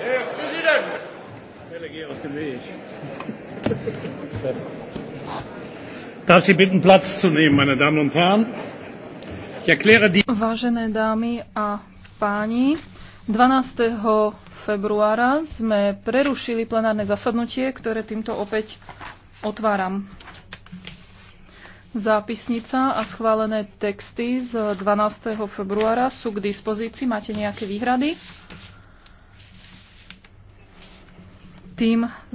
Herr Präsident! Darf Sie bitten, Platz zu nehmen, meine Damen und Herren? Ich erkläre die... Vážené dámy a páni, 12. februára sme prerušili plenárne zasadnutie, ktoré týmto opäť otváram. Zápisnica a schválené texty z 12. februára sú k dispozícii. Máte nejaké výhrady? Tým